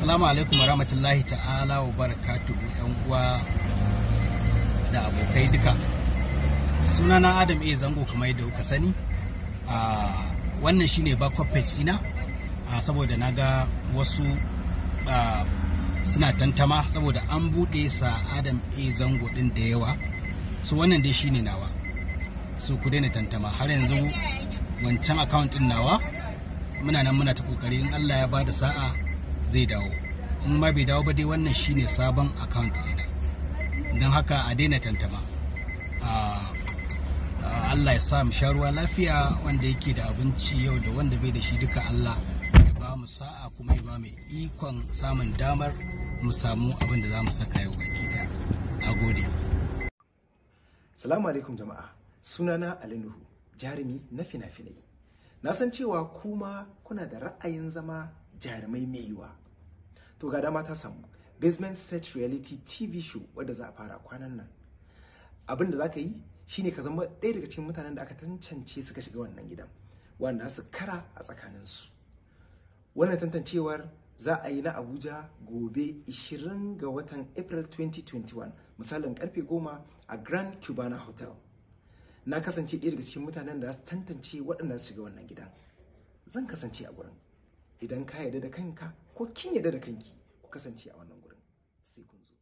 Assalamu alaikum rahmatullahi ta'ala wa barakatuhu yan uwa da abokai duka. Sunana Adam A zango kamar yadda kuka sani. wannan shine backup page ina saboda na ga wasu suna tantama saboda an buɗe sa Adam A zango ɗin da yawa. So wannan dai shine nawa. So ku daina tantama har yanzu wancan account ɗin nawa muna nan muna ta kokari in Allah ya bada sa'a zai dawo in ma bai dawo ba dai wannan shine sabon account ɗina don haka a daina tantama ah, ah, Allah ya sa mu sha ruwa lafiya wanda yake da abinci yau da wanda bai da shi duka Allah ya ba mu sa'a kuma ya ba mu ikon samun damar mu samu abin da za mu saka yau baki daya a gode salamu alaikum jama'a sunana ali nuhu jarumi na fina-finai na san cewa kuma kuna da ra'ayin zama jarumai mai yiwa to ga dama ta samu basement set reality tv show wadda za a fara kwanan nan abin da za ka yi shine ka zama ɗaya daga cikin mutanen da aka tantance suka shiga wannan gidan wanda su kara a tsakaninsu wannan tantancewar za a yi na abuja gobe 20 ga watan april 2021 misalin karfe 10 a grand cubana hotel na kasance ɗaya daga cikin mutanen da su tantance waɗanda su shiga wannan gidan zan kasance a gurin idan ka yarda da kanka ko kin yarda da kanki ku kasance a wannan gurin sai kun zo